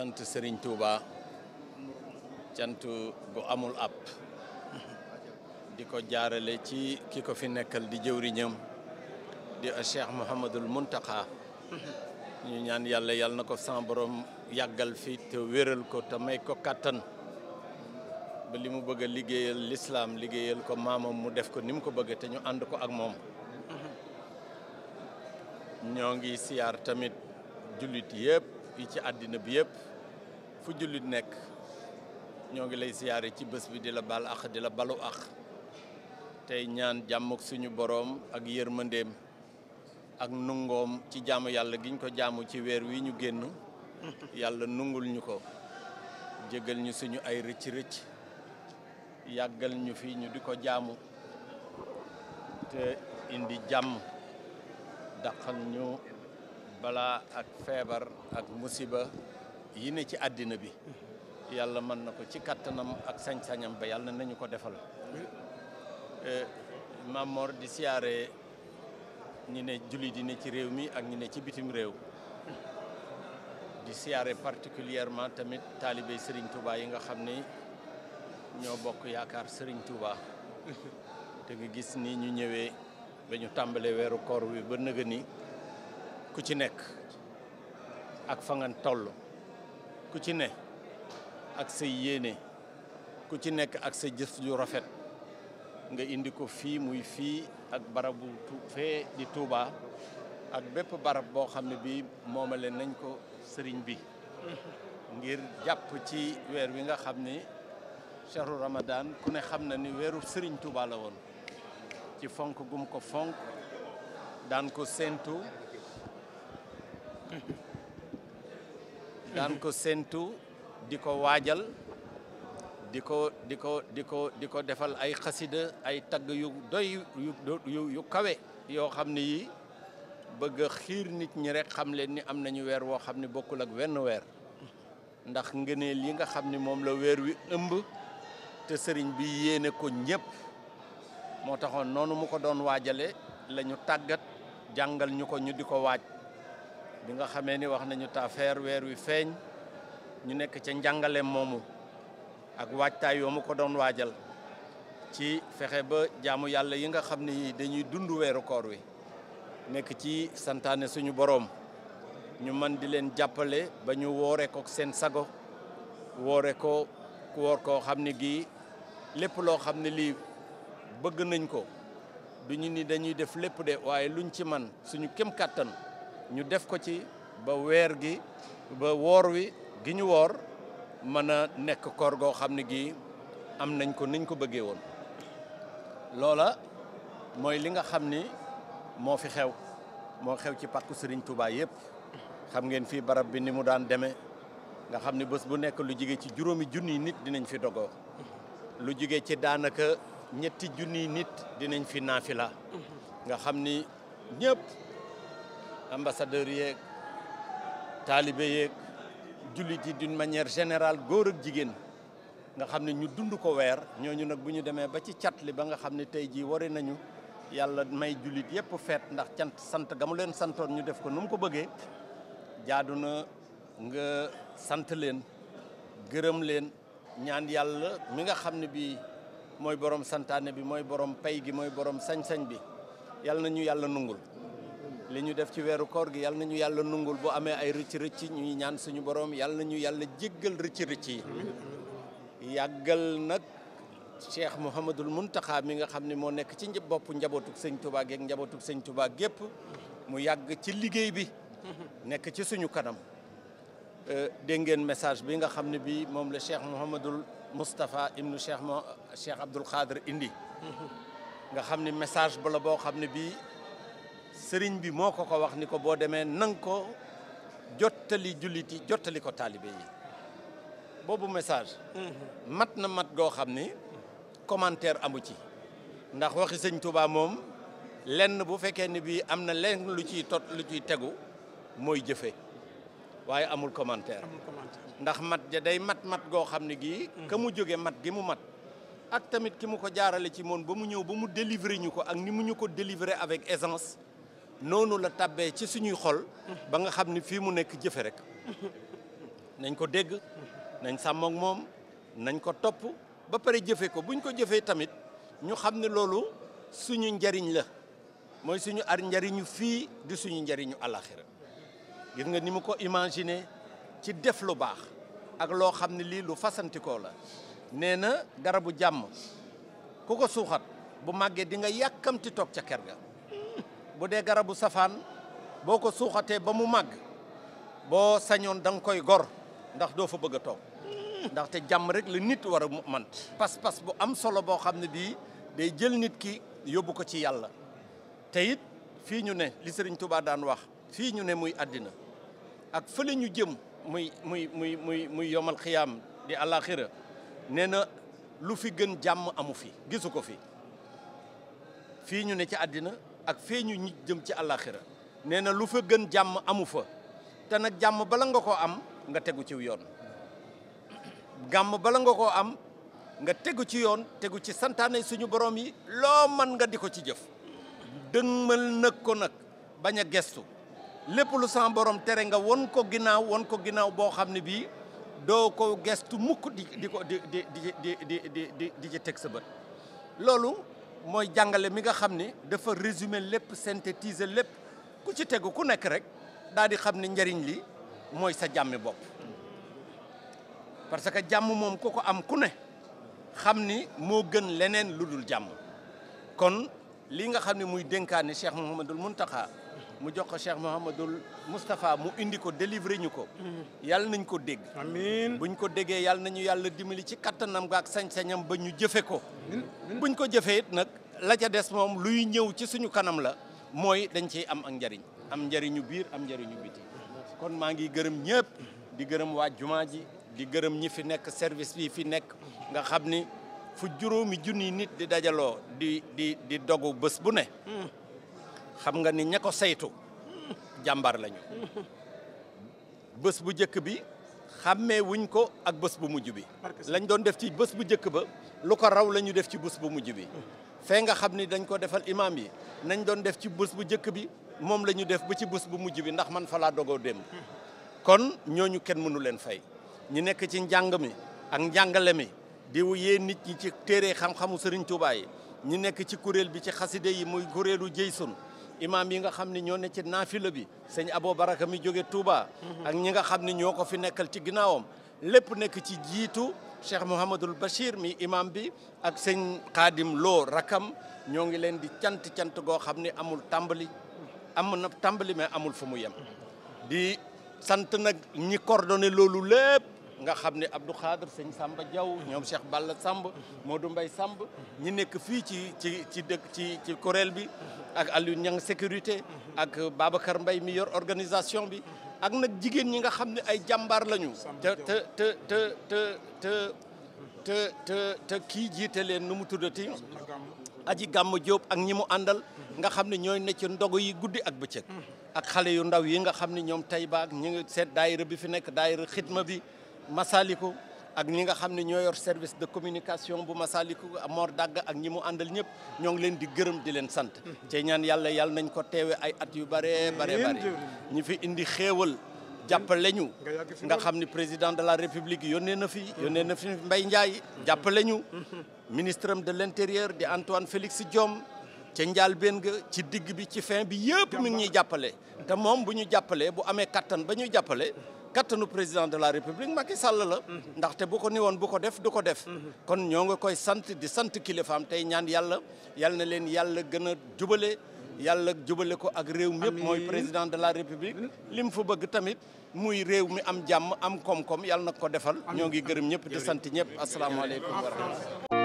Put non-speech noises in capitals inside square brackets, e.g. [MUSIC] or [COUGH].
sant Serigne Touba cant gu amul ab di ko jaarale ci ki ko fi nekkal di jëwriñam di Cheikh Mouhamadul Mountakha ñu ñaan yàlla yàlla na ko sama borom yàggal fi te wéral ko te may ko kàttan ba li mu bëgg a liggéeyal lislaam liggéeyal ko maamam mu def ko ni mu ko bëgg te ñu ànd ko ak moom ñoo ngi siyaar tamit jullit yépp fii ci àddina bi yëpp fu jullit nekk ñoo ngi lay siyaare ci bés bi di la baal ax di la balu ax tey ñaan jàmm suñu boroom ak yërmandeem ak nungoom ci jaamu yàlla giñ ko jaamu ci weer wi ñu génn yàlla nungul ñu ko jégal ñu suñu ay rëcc rëcc yàggal ñu fi ñu di ko jaamu te indi jàmm daqal ñu balaa ak feebar ak musiba yi ne ci àddina bi yàlla mën na ko ci kattanam ak sañ-sañam ba yàlla nañu ko defal euh, Mamor di siyaare ñi ne jullit yi ne ci réew mi ak ñi ne ci bitim réew di siyaare particulièrement tamit taalibe Serigne Touba yi nga xam ni ñoo bokk yaakaar Serigne Touba [LAUGHS] te nga gis ni ñu ñëwee ba ñu tàmbalee weeru koor wi ba nëga ku ci nekk ak fa toll ku ci ne ak sa yéene ku ci nekk ak sa jës ju rafet nga indi ko fii muy fii ak barabu fee di Touba ak bépp barab boo xam ne bii moomale nañ ko sëriñ bi ngir jàpp ci weer wi nga xam ni chahru ramadan ku ne xam na ni weeru sëriñ Touba la woon ci fonk gum ko fonk daan ko séentu daan ko séentu di ko waajal di ko di ko di ko di ko defal ay xasida ay tagg yu doy yu kawe yoo xam ne yi bëgg xiir nit ñi rek xam leen ni am nañu weer woo xam ne bokkul ak wenn weer ndax ngëneel yi nga xam ni moom la weer wi ëmb te sëriñ bi yéene ko ñépp moo taxoon noonu mu ko doon waajale lañu tàggat jàngal ñu ko ñu di ko waaj bi nga xamee ni wax nañu taafeer weer wi feeñ ñu nekk ca njàngaleem moomu ak waajtaay yoo mu ko doon waajal ci fexe ba jaamu yàlla yi nga xam ni dañuy dund weeru koor wi nekk ci santaane suñu boroom ñu man di leen jàppale ba ñu woore ko seen sago woore ko woor koo xam ne gii lépp loo xam ne lii bëgg nañ ko du ñu ni dañuy def lépp de waaye luñ ci man suñu kem kàttan ñu def ko ci ba weer gi ba woor wi gi ñu woor mën a nekk koor goo xam ne gi am nañ ko niñ ko bëggee woon loola mooy li nga xam ni moo fi xew moo xew ci pàkku sëriñ Touba yëpp xam ngeen fii barab bi ni mu daan demee nga xam ni bés bu nekk lu jige ci juróomi junniy nit dinañ fi dogo lu jige ci daanaka ñetti junniy nit dinañ fi naafila nga xam ni ñëpp ambassadeur yeeg taalibe yeeg jullit yi d'une manière générale góor ak jigéen nga xam ne ñu dund ko weer ñooñu nag bu ñu demee ba ci cat li ba nga xam ne tey jii wari nañu yàlla may jullit yépp feet ndax cant sant ga leen santoon ñu def ko nu mu ko bëggee jaadu na nga sant leen gërëm leen ñaan yàlla mi nga xam ne bii mooy borom santaane bi mooy borom pay gi mooy borom sañ-sañ bi yàlla na ñu yàlla nungul li ñu def ci weeru koor gi yal na ñu yàlla nungul bu amee ay rëcc rëcc ñuy ñaan suñu borom yal na ñu yàlla jéggal rëcc rëcc yi yàggal nag cheikh Mouhamadul Muntaxa mi nga xam ne moo nekk ci bopp njabootuk sëñ Touba geeg sëñ Touba gépp mu yàgg ci liggéey bi nekk ci suñu kanam euh, dégg ngeen message bi nga xam ne bi moom la cheikh Mouhamadul Moustapha ibnu cheikh mo cheikh Abdoul Xaadir indi [LAUGHS] nga xam ne message bala boo xam ne bii sëriñ bi moo ko ko wax ni ko boo demee nang ko jottali jullit yi jottali ko taalibe yi boobu message mm-hmm. mat na mat goo xam ni commentaire amu ci ndax waxi sëñ Touba moom lenn bu fekkee ni bi am na lenn lu ciy tot lu ciy tegu mooy jëfe waaye amul commentaire ndax mat ja day mat mat goo xam ne gii mm-hmm. ka mu jóge mat gi mu mat ak tamit ki mu ko jaarale ci moom ba mu ñëw ba mu délivrer ñu ko ak ni mu ñu ko délivrer avec aisance noonu la tàbbee ci suñuy xol ba nga xam ni fii mu nekk jëfe rek nañ ko dégg nañ sàmm moom nañ ko topp ba pare jëfe ko buñ ko jëfee tamit ñu xam ne loolu suñu njariñ la mooy suñu ar njariñu fii di suñu njariñu alaxira gis nga ni mu ko imaginer ci def lu baax ak loo xam ne lii lu fasantikoo la nee na garabu jàmm ku ko suuxat bu màggee di nga yàkkamti toog ca ker ga bu dee garabu safaan boo ko suuxatee ba mu màgg boo sañoon danga koy gor ndax doo fa bëgg a toog ndaxte jàmm rek la nit war a man pas-pas bu am solo boo xam ne bii day jël nit ki yóbbu ko ci yàlla te it fii ñu ne li Sëriñ Tuubaa daan wax fii ñu ne muy àddina ak fële ñu jëm muy muy muy muy muy yomal xiyaam di àllaaxira nee na lu fi gën jàmm amu fi gisu ko fi fii ñu ne ci àddina ak feeñu ñu jëm ci àllaaxira nee na lu fa gën jàmm amu fa te nag jàmm bala nga koo am nga tegu ci yoon gàmm bala nga koo am nga tegu ci yoon tegu ci santaane suñu borom yi loo man nga di ko ci jëf dëgmal nag ko nag bañ a gestu lépp lu sama borom tere nga won ko ginnaaw won ko ginnaaw boo xam ne bii doo ko gestu mukk di di ko di di di di di di di ci teg sa bët loolu mooy jàngale mi nga xam ni dafa résumer lépp synthétiser lépp ku ci tegu ku nekk rek daal di xam ni njariñ li mooy sa jàmmi bopp parce que jàmm moom ku ko am ku ne xam ni moo gën leneen lu dul jàmm kon li nga xam ne muy dénkaane Cheikh Mouhamadul Mountakha mu jox ko Cheikh Mouhamadul Moustapha mu indi ko délivré ñu ko. yàlla nañ ko dégg. buñ ko déggee yàlla nañu yàlla dimbali ci kattanam ga ak sañ-sañam ba ñu jëfe ko. buñ ko jëfee it nag la ca des moom luy ñëw ci suñu kanam la mooy dañ ciy am ak njariñ am njariñu biir am njariñu biti. kon maa ngi gërëm ñëpp di gërëm waa jumaa ji di gërëm ñi fi nekk service bi fi nekk nga xam ni fu juróomi junni nit di dajaloo di di di dogu bës bu ne. Hmm. xam nga ni ña ko saytu jàmbar lañu bés bu jëkk bi xàmmee wuñ ko ak bés bu mujj bi lañ doon def ci bés bu njëkk ba lu ko raw la ñu def ci bés bu mujj bi fee nga xam ni dañ ko defal imam yi nañ doon def ci bus bu njëkk bi moom la ñu def ba ci bés bu mujj bi ndax man falaa dogoo dem kon ñooñu kenn mënu leen fay ñu nekk ci njàng mi ak njàngale mi di yee nit ñi ci téere xam-xamu Sëriñ Tuubaa ñu nekk ci kuréel bi ci xaside yi muy kuréelu jëysun imaam yi nga xam ne ñoo ne ci naafila bi sëñ Abo Baraka mi jóge Touba. ak ñi nga xam ne ñoo ko fi nekkal ci ginnaawam lépp nekk ci jiitu Cheikh Mouhamadul Bachir mi imam bi ak sëñ Xaadim Lo rakam ñoo ngi leen di cant cant goo xam ne amul tàmbali am na tàmbali amul fu mu yem di sant nag ñi coordonné loolu lépp. nga xam ne Abdou Khadre sëñ Samba Diaw ñoom Cheikh Balla Samb Modou mbay Samb ñi nekk fii ci ci ci dëkk ci ci kuréel bi ak Aliou Niang sécurité ak Babacar mbay mi yor organisation bi ak nag jigéen ñi nga xam ne ay jàmbaar lañu te te te te te kii jiite leen nu mu tuddati aji gàmm Diop ak ñi mu àndal nga xam ne ñooy ne ci yi guddi ak bëccëg mm. ak xale yu ndaw yi nga xam ne ñoom tey baak ñi ngi seet bi fi nekk daayira xidma bi Masaliku ak ñi nga xam ne ñoo yor service de communication bu Masaliku Mor Dagg ak ñi mu àndal ñëpp ñoo ngi leen di gërëm di leen sant. cey ñaan yàlla yàlla nañ ko teewe ay at yu bare bare bare ñi fi indi xéewal jàppale ñu nga xam ne président de la république yónnee na fi yónnee na fi Mbaye Ndiaye jàppale ñu ministre de l' intérieur di Antoine Félix Diome ca njaal benn ga ci digg bi ci fin bi yëpp mi ngi ñuy jàppale te moom bu ñu jàppalee bu amee kattan ba ñuy jàppale kattanu président de la république Macky Sall la. ndaxte bu ko ni woon bu ko def du ko def. kon ñoo nga koy sant di sant kilifaam tey ñaan yàlla yal na leen yàlla gën a jubale. yàlla jubale ko ak réew mi yëpp mooy président de la république li mu fa bëgg tamit muy réew mi am jàmm am koom-koom yàlla na ko defal ñoo ngi gërëm ñëpp di sant ñëpp asalaamaaleykum wa rahmatulah